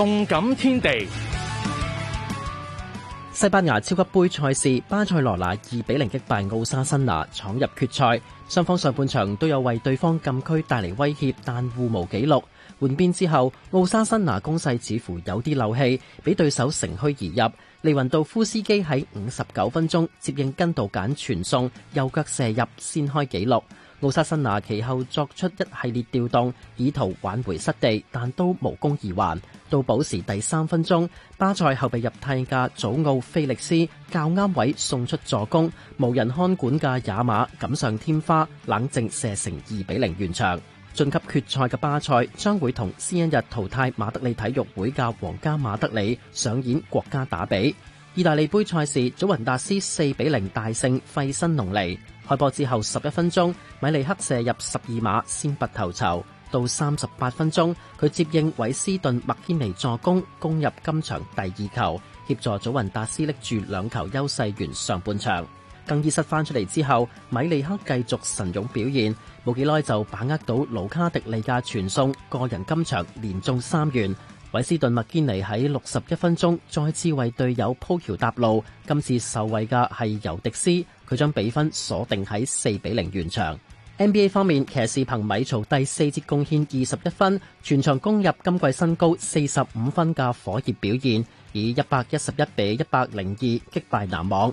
動感天地，西班牙超級杯賽事，巴塞羅拿二比零擊敗奧沙辛拿，闖入決賽。雙方上半場都有為對方禁區帶嚟威脅，但互無紀錄。換邊之後，奧沙辛拿攻勢似乎有啲漏氣，俾對手乘虛而入。利雲道夫斯基喺五十九分鐘接應根道簡傳送，右腳射入，先開紀錄。奧沙辛拿其後作出一系列調動，以圖挽回失地，但都無功而還。到補時第三分鐘，巴塞後備入替嘅祖奧菲力斯較啱位送出助攻，無人看管嘅雅馬錦上添花，冷靜射成二比零完場。晉級決賽嘅巴塞將會同先一日淘汰馬德里體育會嘅皇家馬德里上演國家打吡。意大利杯賽事，祖雲達斯四比零大勝費身農利。開波之後十一分鐘，米利克射入十二碼先拔頭籌。到三十八分鐘，佢接應韋斯頓麥堅尼助攻，攻入今場第二球，協助祖雲達斯拎住兩球優勢完上半場。更衣室翻出嚟之後，米利克繼續神勇表現，冇幾耐就把握到盧卡迪利亞傳送，個人今場連中三元。韋斯頓麥堅尼喺六十一分鐘再次為隊友鋪橋搭路，今次受惠嘅係尤迪斯，佢將比分鎖定喺四比零完場。NBA 方面，騎士憑米曹第四節貢獻二十一分，全場攻入今季新高四十五分嘅火熱表現，以一百一十一比一百零二擊敗籃網。